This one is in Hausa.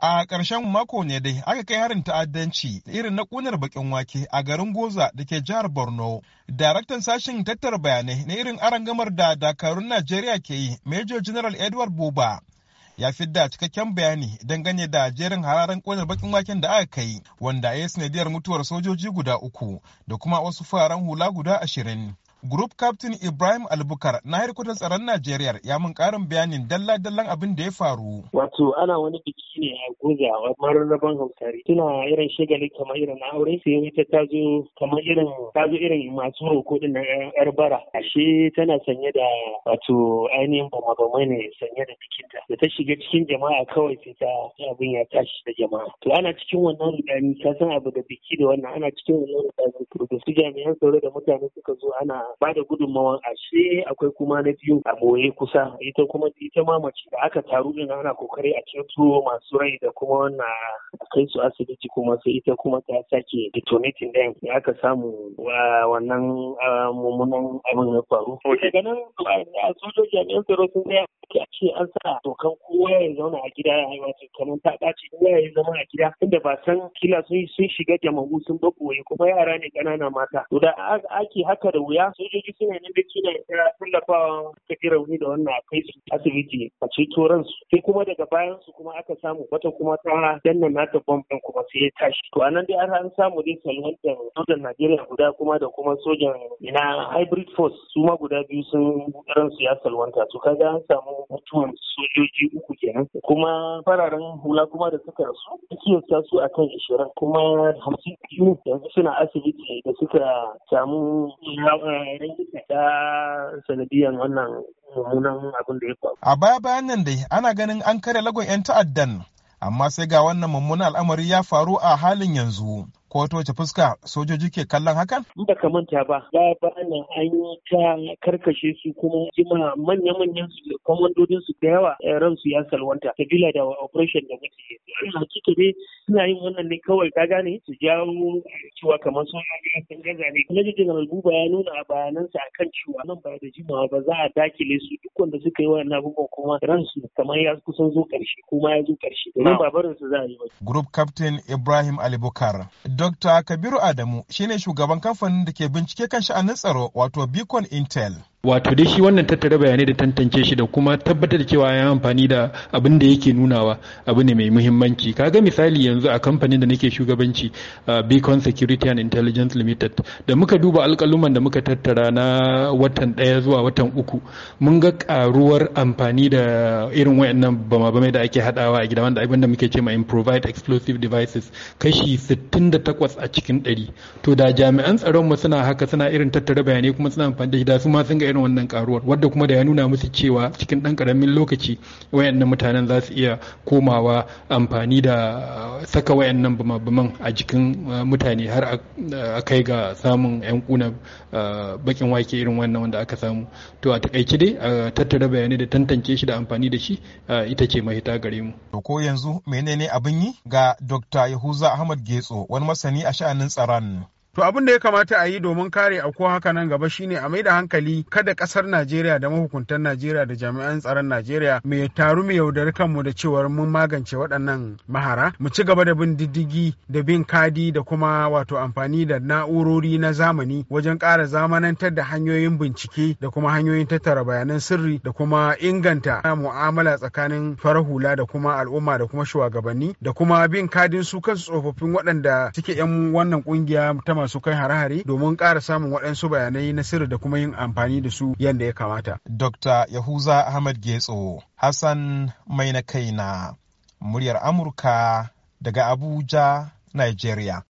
A ƙarshen mako ne dai aka kai harin ta'addanci irin na ƙunar bakin wake a garin Goza da ke jihar Borno. Daraktan sashen tattara bayanai na irin gamar da dakarun Najeriya ke yi, Major General Edward Buba. ya fi da cikakken bayani dangane da jerin hararen ƙunar bakin waken da aka kai wanda ya yi sanadiyar mutuwar sojoji guda uku da kuma wasu fararen hula guda ashirin. Group Captain Ibrahim Albukar na harkokin tsaron Najeriya ya mun karin bayanin dalla-dallan abin da ya faru. Wato ana wani biki ne a Goza a mararraban Hausari. Tuna irin shigali kamar irin aure sai wata ta zo kamar irin ta zo irin masu roko din na yar bara. Ashe tana sanye da wato ainihin bama bama ne sanye da bikinta. Da ta shiga cikin jama'a kawai sai ta abin ya tashi da jama'a. To ana cikin wannan rudani ka san abu da biki da wannan ana cikin wannan rudani. da su jami'an tsaro da mutane suka zo ana ba da gudunmawan ashe akwai kuma na biyu a boye kusa ita kuma ita ma mace da aka taru din ana kokari a ceto masu rai da kuma na kai su asibiti kuma sai ita kuma ta sake detonating din ya aka samu wannan mummunan abin ya faru. Daga nan sojoji a ɗan tsaro sun gaya a ce an sa dokan kowa ya zauna a gida ya wato kamar ta ɗaci kowa ya zama a gida inda ba san kila sun shiga jama'u sun bakoye kuma yara ne ƙanana mata. To da ake haka da wuya sojoji suna nan da suna tallafawa ta ji rauni da wannan a kai su asibiti a ceto ransu sai kuma daga bayan su kuma aka samu wata kuma ta danna nata bom din kuma sai ya tashi to anan dai an samu dai da sojan Najeriya guda kuma da kuma sojan ina hybrid force su ma guda biyu sun ran su ya salwanta to kaga an samu mutuwan sojoji uku kenan kuma fararen hula kuma da suka rasu kiyasta su akan ishirin kuma hamsin biyu yanzu suna asibiti da suka samu ya sanadiyan wannan mummunan abin da ya faru. A baya bayan nan dai ana ganin an kare lagon 'yan ta'addan amma sai ga wannan mummunan al'amari ya faru a halin yanzu. ko wata wace fuska sojoji ke kallon hakan? In ba ka manta ba, ba ba na an yi ta karkashe su kuma jima manya-manyan su komandodin su da yawa eh, su ya salwanta. kabila da operation da muke yi. Ana kike tobe suna yin wannan ne kawai ta gane su jawo cewa kamar sojoji san gaza ne. Kuma General Buba ya nuna a bayanansa kan cewa nan ba da jimawa ba za a dakile su duk wanda suka yi wannan abubuwan kuma ransu kamar ya kusan zo karshe kuma ya zo karshe. Domin su za a yi ba. Group Captain Ibrahim Alibukar. Dr. Kabiru Adamu shine shugaban kamfanin da ke bincike kan sha'anin tsaro wato Beacon Intel. wato dai shi wannan tattara bayanai da tantance shi da kuma tabbatar da cewa ya amfani da abin da yake nunawa abu ne mai muhimmanci kaga misali yanzu a kamfanin da nake shugabanci Beacon Security and Intelligence Limited da muka duba alkaluman da muka tattara na watan daya zuwa watan uku mun ga karuwar amfani da irin wayannan bama-bamai da ake hadawa a gida wanda abin da muke ce ma improved explosive devices kashi 68 a cikin 100 to da jami'an tsaron mu suna haka suna irin tattara bayanai kuma suna amfani da shi da su ma sun irin wannan karuwar wadda kuma da ya nuna musu cewa cikin ɗan karamin lokaci wayannan mutanen za su iya komawa amfani da uh, saka wayannan bumabuman a jikin uh, mutane har uh, a kai ga samun 'yan kuna bakin wake irin wannan wanda aka samu to a takaice dai a tattara bayanai da tantance shi da amfani da shi ita ce mahita gare mu to ko yanzu menene abin yi ga dr yahuza ahmad getso wani masani a sha'anin tsaron To abin da ya kamata a yi domin kare ko haka nan gaba shine a mai da hankali kada kasar Najeriya da mahukuntan Najeriya da jami'an tsaron Najeriya mai taru mu yaudari kanmu da cewar mun magance waɗannan mahara mu ci gaba da bin diddigi da bin kadi da kuma wato amfani da na'urori na zamani wajen ƙara zamanantar da hanyoyin bincike da kuma hanyoyin tattara bayanan sirri da kuma inganta mu'amala tsakanin farar hula da kuma al'umma da kuma shugabanni da kuma bin kadin su kansu tsofaffin waɗanda suke 'yan wannan ƙungiya ta masu masu kai hare-hare domin ƙara samun waɗansu bayanai na sirri da kuma yin amfani da su yadda ya kamata. Dr. Yahuza Ahmad Getso, Hassan Mai na kai na muryar Amurka daga Abuja, Nigeria.